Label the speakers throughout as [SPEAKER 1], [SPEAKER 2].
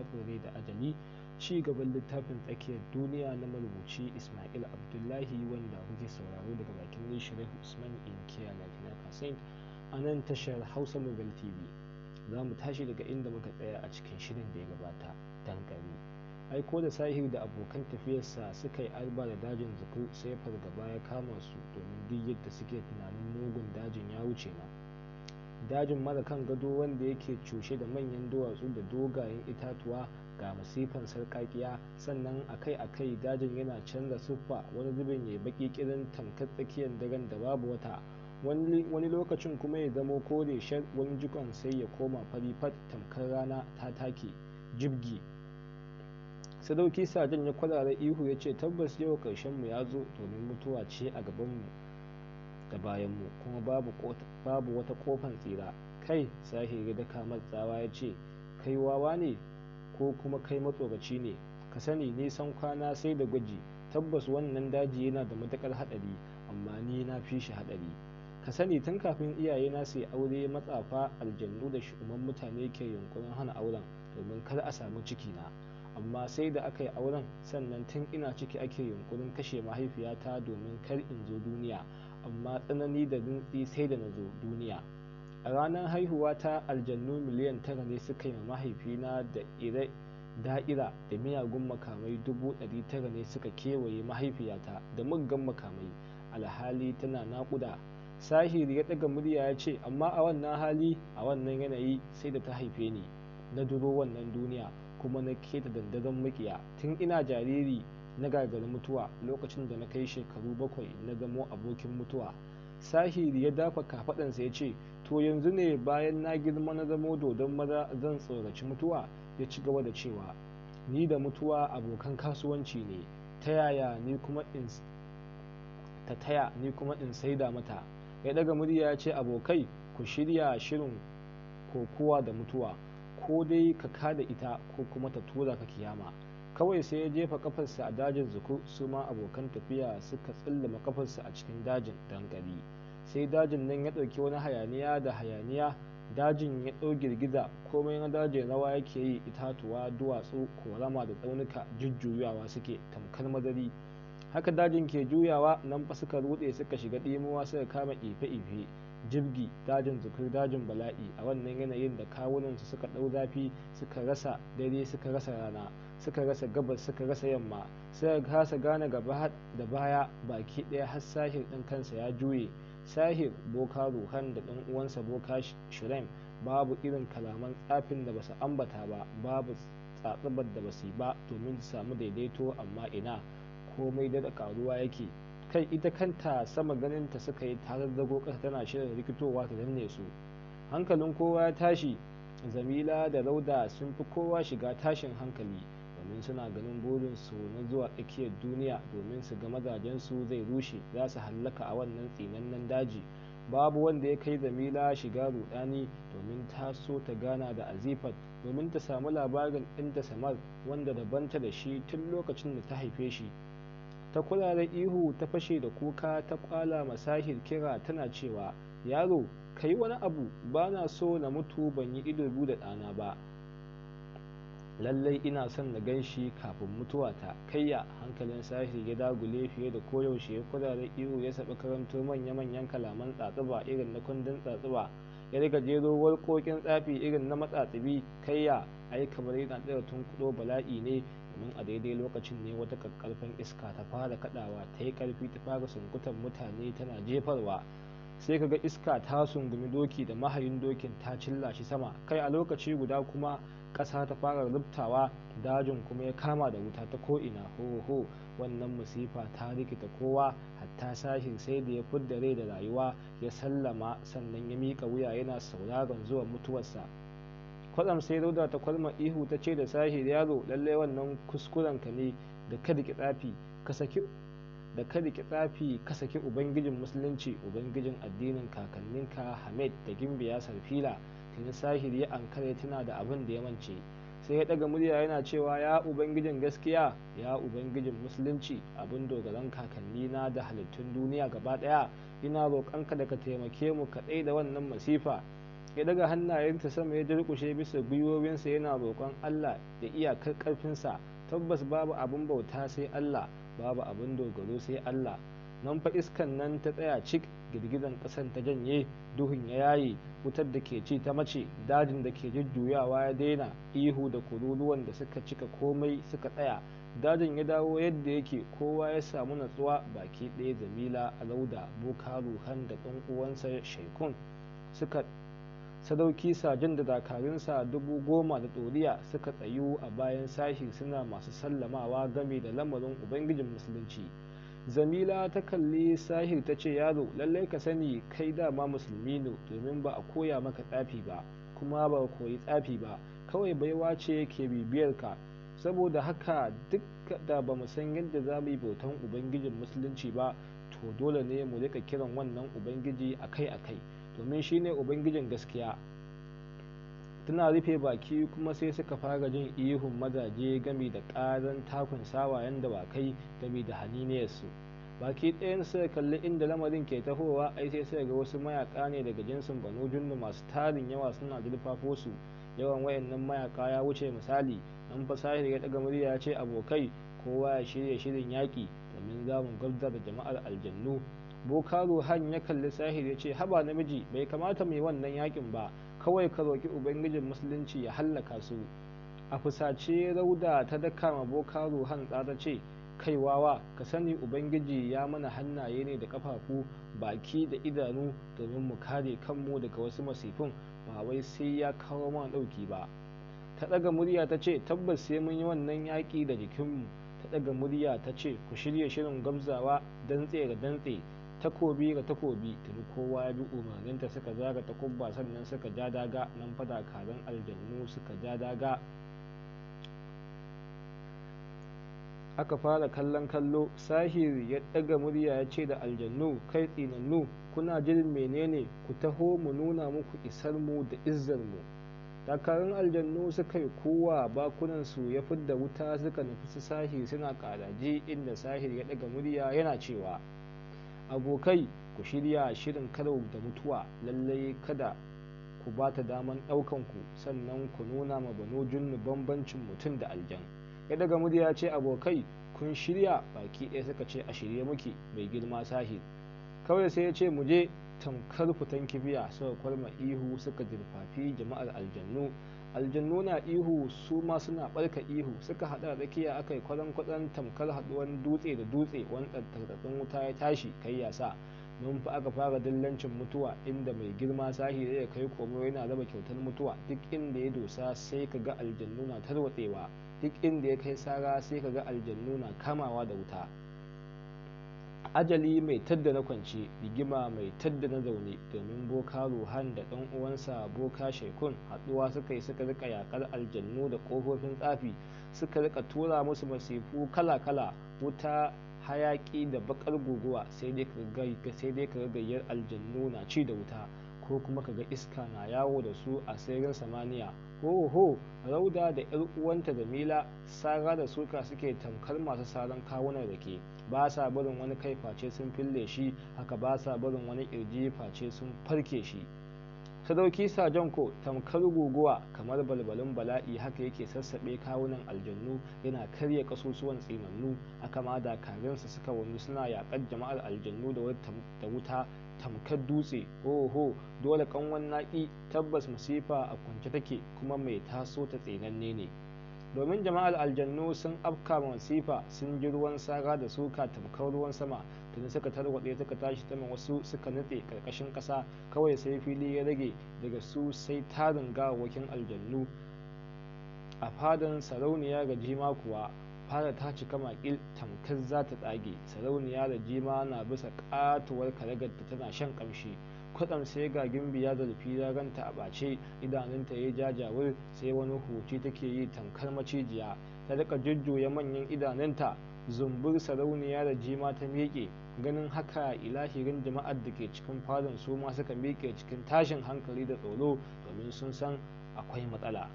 [SPEAKER 1] littafin rai da adami ci gaban littafin tsakiyar duniya na marubuci ismail abdullahi wanda kuke sauraro daga bakin shirin usman inkiya lafiya kasain a nan tashar hausa mobile tv za mu tashi daga inda muka tsaya a cikin shirin da ya gabata dankali aiko da sahir da abokan tafiyarsa suka yi arba da dajin zuku sai fargaba ya kama su domin duk yadda suke tunanin mugun dajin ya wuce na dajin mara kan gado wanda yake cushe da manyan duwatsu da dogayen itatuwa ga masifan sarkakiya sannan akai-akai dajin yana canza siffa wani zubin ya baki kirin tamkar tsakiyar daren da babu wata wani lokacin kuma ya zamo kore shar wani jikon sai ya koma fari fat tamkar rana ta take jibgi sadauki sajan ya kwarara ihu ya ce tabbas yau karshen mu ya zo domin mutuwa ce a gaban mu. da bayan mu kuma babu wata kofan tsira kai sahiri da kamar tsawa ya ce kai wawa ne ko kuma kai matsoraci ne ka sani nisan kwana sai da gwaji tabbas wannan daji yana da matakar haɗari amma ni na fi shi haɗari ka sani tun kafin iyaye na sai aure matsafa aljannu da shugaban mutane ke yunkurin hana auren domin kar a samu ciki na amma sai da aka yi auren sannan tun ina ciki ake yunkurin kashe mahaifiyata domin kar in zo duniya amma tsanani da rintsi sai da na zo duniya a ranar haihuwata aljannu miliyan tara ne suka yi mahaifina da ire da'ira da miyagun makamai dubu ɗari tara ne suka kewaye mahaifiyata da muggan makamai alhali tana naƙuda sahiri ya ɗaga murya ya ce amma a wannan hali a wannan yanayi sai da ta haife ni na duro wannan duniya kuma na keta dandazon makiya tun ina jariri na gagari mutuwa lokacin da na kai shekaru bakwai na zamo abokin mutuwa sahir ya dafa kafadansa ya ce to yanzu ne bayan na girma na zamo dodon maza zan tsoraci mutuwa ya ci gaba da cewa ni da mutuwa abokan kasuwanci ne ta yaya ni kuma in ta taya ni kuma in saida mata ya daga murya ya ce abokai ku shirya shirin kokuwa da mutuwa ko dai ka kada ita ko kuma ta tura ka kiyama kawai sai ya jefa kafarsa a dajin zuku su ma abokan tafiya suka tsillama kafarsa a cikin dajin dankali sai dajin nan ya ɗauki wani hayaniya da hayaniya dajin ya ɗau girgiza komai na dajin rawa yake yi itatuwa duwatsu korama da tsaunuka jujjuyawa suke tamkar madari haka dajin ke juyawa nan fa suka rutse suka shiga ɗimuwa suka kama ife-ife jirgi dajin zukur dajin bala'i a wannan yanayin da kawunansu suka ɗau zafi suka rasa dare suka rasa rana suka rasa gabas suka rasa yamma ya kasa gane gaba da baya baki ɗaya har sahir ɗin kansa ya juye sahir boka ruhan da ɗan uwansa boka shirem babu irin kalaman tsafin da basu ambata ba babu tsatsabar da basu ba domin su samu daidaito amma ina komai da karuwa yake kai ita kanta sama ganin ta suka yi tare da ƙasa tana shirin rikitowa ta danne su hankalin kowa ya tashi zamila da rauda sun fi kowa shiga tashin hankali domin suna ganin burinsu na zuwa tsakiyar duniya domin su ga mazajensu zai rushe za su hallaka a wannan tsinannen daji babu wanda ya kai zamila shiga rudani domin ta so ta gana da azifat domin ta samu labarin ɗinta samar wanda ta da shi tun lokacin da ta haife shi ta kula da ihu ta fashe da kuka ta kwala masahir kira tana cewa yaro ka yi wani abu ba na so na mutu ban yi ido da ɗana ba lallai ina son na gan shi kafin mutuwa ta kayya hankalin sashi ya dagule fiye da koyaushe ya da ihu ya saɓi karanto manya-manyan kalaman tsatsuba irin na kundin tsatsuba ya riga jero tsafi irin na matsatsibi kayya ai kamar yana tsira tun kudo bala'i ne domin a daidai lokacin ne wata kakkarfan iska ta fara kadawa ta yi karfi ta fara sunkutan mutane tana jefarwa sai ka ga iska ta sungumi doki da mahayin dokin ta cilla shi sama kai a lokaci guda kuma ƙasa ta fara rubtawa dajin kuma ya kama da wuta ta ko'ina ho wannan musifa ta rikita kowa hatta sashin sai da ya fudda rai da rayuwa ya sallama sannan ya mika wuya yana sauraron zuwa mutuwarsa kwatsam sai rauda ta kwalma ihu ta ce da sashi yaro lallai wannan kuskuren ka ne da ka ki tsafi ka saki da ka rike tsafi ka saki ubangijin musulunci ubangijin addinin kakanninka hamed da gimbiya sarfila tuni sahir ya ankara tana da abin da ya mance sai ya daga murya yana cewa ya ubangijin gaskiya ya ubangijin musulunci abin dogaran kakanni na da halittun duniya gaba ɗaya, ina roƙonka da ka taimake mu kaɗai da wannan masifa ya daga hannayenta sama ya durƙushe bisa gwiwowinsa yana roƙon allah da iyakar ƙarfinsa tabbas babu abin bauta sai allah babu abin dogaro sai Allah nan fa iskan nan ta tsaya cik girgizan kasan ta janye duhun ya yaye wutar da ke ci ta mace dajin da ke jujjuyawa ya daina ihu da kururuwan da suka cika komai suka tsaya dajin ya dawo yadda yake kowa ya samu natsuwa baki ɗaya jamila alauda boka han da ɗan uwansa shaikun suka sadauki sajin da dakarunsa dubu goma da ɗoriya suka tsayu a bayan sashi suna masu sallamawa game da lamarin ubangijin musulunci zamila ta kalli sahir ta ce yaro lallai ka sani kai dama musulmi ne domin ba a koya maka tsafi ba kuma ba koyi tsafi ba kawai baiwa ce ke bibiyar ka saboda haka duk da ba mu san yadda za mu yi bautan ubangijin musulunci ba to dole ne mu rika kiran wannan ubangiji akai-akai domin shi ne ubangijin gaskiya tana rufe baki kuma sai suka fara jin ihun mazaje gami da ƙaran takun sawa yadda ba kai gami da su baki ɗayan sai kalli inda lamarin ke tahowa ai sai sai ga wasu mayaka ne daga jinsin banu jundu masu tarin yawa suna zurfafo su yawan wayannan mayaka ya wuce misali an fasahir ya daga murya ya ce abokai kowa ya shirya shirin yaƙi domin zamun gabza da jama'ar aljannu boka ruhan ya kalli sahir ya ce haba namiji bai kamata mai wannan yakin ba kawai ka roki ubangijin musulunci ya hallaka su a fusace rauda ta daka ma boka ruhan tsara ce kai wawa ka sani ubangiji ya mana hannaye ne da kafafu baki da idanu domin mu kare kanmu daga wasu masifin ba wai sai ya kawo mana ɗauki ba ta ɗaga murya ta ce tabbas sai mun yi wannan yaƙi da jikinmu ta ɗaga murya ta ce ku shirya shirin gamzawa dantse da dantse takobi ga takobi tuni kowa ya bi umarninta suka zaga ta kubba sannan suka ja daga nan fada karan aljannu suka ja daga aka fara kallon kallo sahir ya daga murya ya ce da aljannu kai tsinannu kuna jin menene ku taho mu nuna muku isar mu da izzar mu dakarun aljannu suka yi kowa bakunansu ya fidda wuta suka nufi su sahir suna karaje inda sahir ya daga murya yana cewa abokai ku shirya shirin karo da mutuwa lallai kada ku ba ta daman ɗaukan ku sannan ku nuna ma bano junnu bambancin mutum da aljan ya daga murya ce abokai kun shirya baki ɗaya suka ce a shirye muke mai girma sahil kawai sai ya ce mu je tamkar fitan kibiya suka kwalma ihu suka jirfafi jama'ar aljannu aljannu na ihu su ma suna barka ihu suka hada da tsakiya aka yi kwadon kwadon tamkar haduwan dutse da dutse wani tattatsun wuta ya tashi kai yasa mun fi aka fara dillancin mutuwa inda mai girma sahi ya kai komo yana raba kyautar mutuwa duk inda ya dosa sai ka ga aljannu na tarwatsewa duk inda ya kai sara sai ka ga aljannu na kamawa da wuta ajali mai tadda na kwance rigima mai tadda na zaune domin boka ruhan da ɗan uwansa boka shekun haɗuwa suka yi suka rika yakar aljannu da ƙofofin tsafi suka rika tura musu masifu kala-kala wuta hayaƙi da baƙar guguwa sai dai ka gayyar aljannu na ci da wuta ko kuma ka ga iska na yawo da su a tseren samaniya ho rauda da yar uwanta da mila sara da suka suke tamkar masu saran kawunan rake ba sa barin wani kai face sun fille shi haka ba sa barin wani kirji face sun farke shi sadauki sajanko tamkar guguwa kamar balbalin bala'i haka yake sassaɓe kawunan aljannu yana karya kasusuwan tsinannu aka ma dakarinsa suka wani suna yaƙar jama'ar aljannu da wuta tamkar dutse oho dole kanwan naƙi tabbas masifa a kwance take kuma mai taso ta tsinanne ne domin jama'ar aljannu sun afka masifa sun ji ruwan saga da suka tamkar ruwan sama tuni suka tarwatse suka tashi ta wasu suka nutse karkashin ƙasa kawai sai fili ya rage daga su sai tarin gawakin aljannu a fadan sarauniya ga jima kuwa fara ta cika makil tamkar za ta tsage sarauniya da jima na bisa katuwar ta tana shan kamshi kwatsam sai ga gimbi ya ya ganta a bace idanunta ya jajawur sai wani huci take yi tankar macijiya ta rika jujjuya manyan idanunta zumbur sarauniya da jima ta miƙe ganin haka ilahirin jama'ar da ke cikin falon su ma suka miƙe cikin tashin hankali da tsoro domin sun san akwai matsala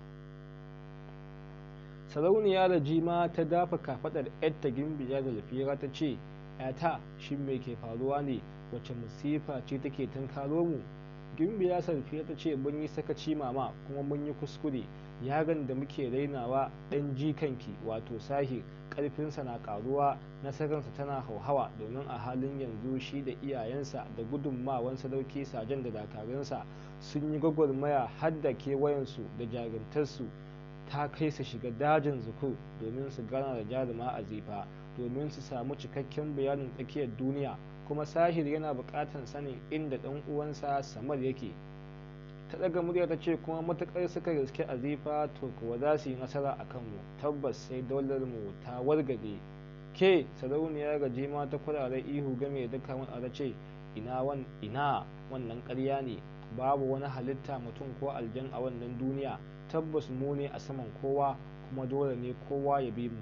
[SPEAKER 1] sarauniya da jima ta dafa kafaɗar yadda gimbiya da ta ce ta shi me ke faruwa ne wace masifa ce take tunkaro mu gimbiya fiye ta ce mun yi sakaci mama kuma mun yi kuskure yaron da muke rainawa dan jikanki wato sahi karfinsa na ƙaruwa nasararsa tana hauhawa domin a halin yanzu shi da iyayensa da gudunmawan sadauki sajen da dakarunsa sun yi gwagwarmaya har da kewayensu da jarintarsu ta kai su shiga dajin zuku domin su gana da jaruma a zifa domin su samu cikakken bayanin tsakiyar duniya kuma sahir yana buƙatar sanin inda ɗan uwansa samar yake ta daga murya ta ce kuma matuƙar suka riske azifa to kuwa za su yi nasara a kanmu tabbas sai daular mu ta wargaje ke sarauniya ma ta kurare ihu game da duka wani ce ina wannan karya ne babu wani halitta mutum ko aljan a wannan duniya tabbas mu ne a saman kowa kuma dole ne kowa ya bi mu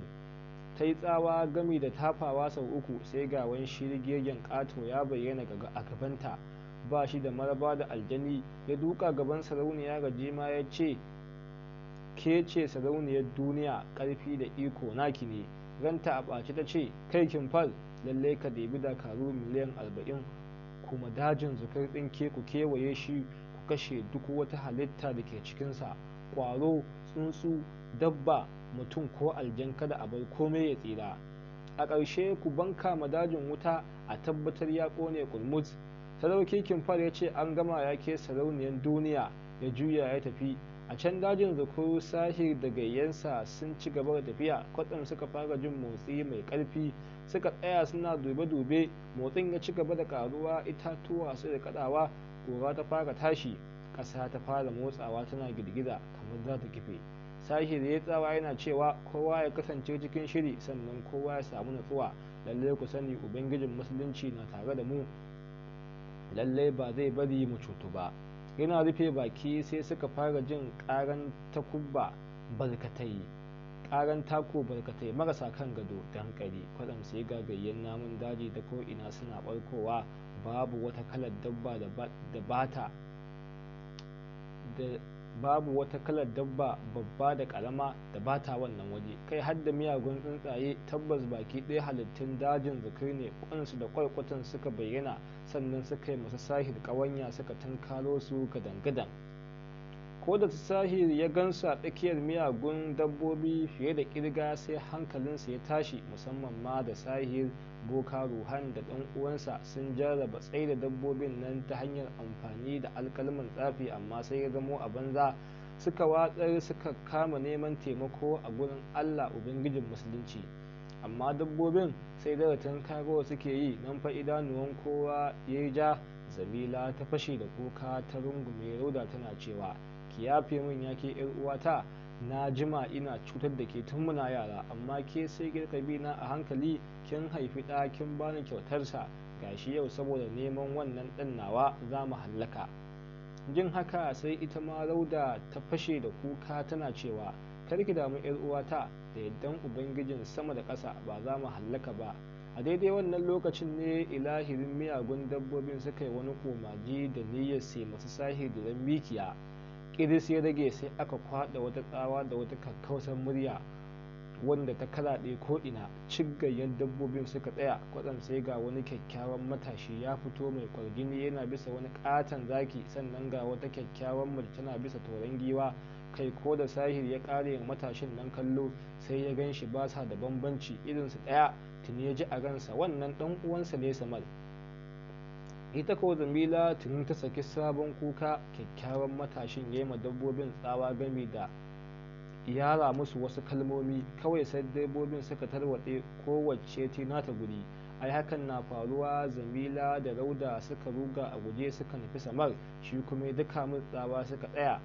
[SPEAKER 1] ta yi tsawa gami da tafawa sau uku sai ga wani shirgegen ƙato ya bayyana a gabanta ba shi da maraba da aljani ya duka gaban sarauniya ga jima ya ce ke ce sarauniyar duniya karfi da iko naki ne ranta a ɓace ta ce kai kin fal lalle ka debi dakaru miliyan arba'in kuma dajin zukar ɗin ke ku kewaye shi ku kashe duk wata halitta da ke cikinsa kwaro tsuntsu dabba mutum ko aljan kada a bar komai ya tsira a ƙarshe ku banka ma dajin wuta a tabbatar ya ƙone kulmut sarauki kimfar ya ce an gama ya ke sarauniyar duniya ya juya ya tafi a can dajin zakuru sahir da gayyansa sun ci gaba da tafiya kwatsam suka fara jin motsi mai ƙarfi suka tsaya suna dube-dube motsin ya ci gaba da ƙaruwa itatuwa su da kaɗawa ƙura ta fara tashi ƙasa ta fara motsawa tana girgiza kamar za ta kife sashi da ya tsawa yana cewa kowa ya kasance cikin shiri sannan kowa ya samu natsuwa lallai ku sani ubangijin musulunci na tare da mu lallai ba zai bari mu cutu ba yana rufe baki sai suka fara jin ƙaran takubba barkatai karan tako barkatai marasa kan gado da hankali kwaɗam sai gagayyen namun daji da ko'ina suna ɓarkowa babu wata kalar dabba da bata da babu wata kalar dabba babba da karama da ba ta wannan waje kai har da miyagun tsuntsaye tabbas baki ɗaya halittun dajin zikir ne kwansu da kwarkwatan suka bayyana sannan suka yi masu sahir ƙawanya suka tunkalo su gadan-gadan ko da sahir ya su a tsakiyar miyagun dabbobi fiye da kirga sai hankalinsa ya tashi musamman ma da sahir boka ruhan da ɗan uwansa sun jarraba tsaye da dabbobin nan ta hanyar amfani da alkalman tsafi amma sai ya zamo a banza suka watsar suka kama neman taimako a gurin allah ubangijin musulunci amma dabbobin sai daratan kagowa suke yi nan fa'idanuwan kowa ya ja zamila ta fashe da kuka ta rungume rauda tana cewa ki yafe min ya ke yar uwata na jima ina cutar da ke tun muna yara amma ke sai girka bi na a hankali kin haifi ɗa kin bani kyautarsa gashi yau saboda neman wannan ɗan nawa za mu hallaka jin haka sai ita ma rauda ta fashe da kuka tana cewa kar ki damu yar uwata da yaddan ubangijin sama da ƙasa ba za mu hallaka ba a daidai wannan lokacin ne ilahirin miyagun dabbobin suka yi wani komaji da niyyar sai masu sahi sahirin mikiya ƙiris ya rage sai aka kwaɗa wata tsawa da wata kakkausar murya wanda ta karaɗe ko'ina cigayyen dabbobin suka tsaya kwatsam sai ga wani kyakkyawan matashi ya fito mai kwargini yana bisa wani ƙaton zaki sannan ga wata kyakkyawan mace tana bisa toron giwa kai ko da sahir ya kare matashin nan kallo sai ya gan shi ba sa da bambanci irinsu ɗaya tuni ya ji a gansa wannan ɗan uwansa ne samar ita ko zamila tuni ta saki sabon kuka kyakkyawan matashin ya ma dabbobin tsawa gami da yara musu wasu kalmomi kawai sai dabbobin suka tarwatse kowace tina ta guri ai hakan na faruwa zamila da rauda suka ruga a guje suka nufi samar shi kuma duka tsawa suka tsaya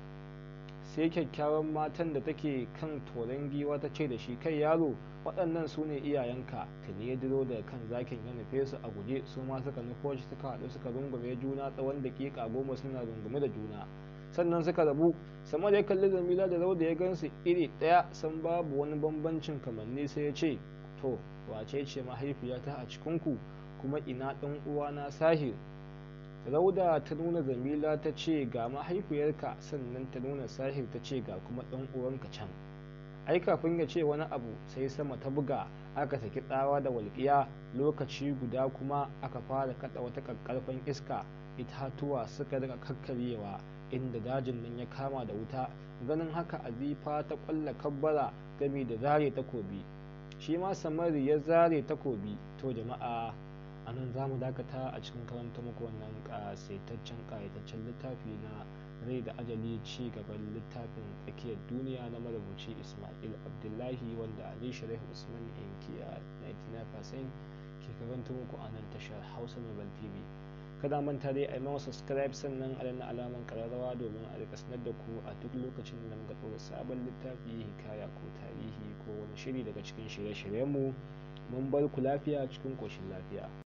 [SPEAKER 1] sai kyakkyawan matan da take kan toren giwa ta ce da shi kai yaro waɗannan su ne iyayenka tuni ya diro da kan zakin ya nufe su a guje su ma suka nufo shi suka haɗu suka rungume juna tsawon daƙiƙa goma suna rungume da juna sannan suka rabu samar da ya kalli jamila da rauda ya gansu iri ɗaya san babu wani bambancin kamanni sai ya ce to wace ce mahaifiyata a cikinku kuma ina ɗan uwana sahir rauda ta nuna zamila ta ce ga mahaifiyarka sannan ta nuna sahir ta ce ga kuma ɗan uwanka can ai kafin ya ce wani abu sai sama ta buga aka saki tsawa da walƙiya lokaci guda kuma aka fara kaɗa wata ƙaƙƙarfan iska itatuwa suka daga kakkaryewa inda dajin nan ya kama da wuta ganin haka azifa ta ƙwalla kabbara gami da zare takobi shi ma samari ya zare takobi to jama'a a nan za mu dakata a cikin karanta muku wannan kasaitaccen kayataccen littafi na rai da ajali ci gaban littafin tsakiyar duniya na marubuci ismail abdullahi wanda ali sharif usman inkiya 99% ke karanta muku a nan tashar hausa nobel tv kada manta dai a yi mawa subscribe sannan a danna alamar kararrawa domin a rika sanar da ku a duk lokacin da muka ɗora sabon littafi hikaya ko tarihi ko wani shiri daga cikin shirye-shiryenmu mun bar ku lafiya cikin koshin lafiya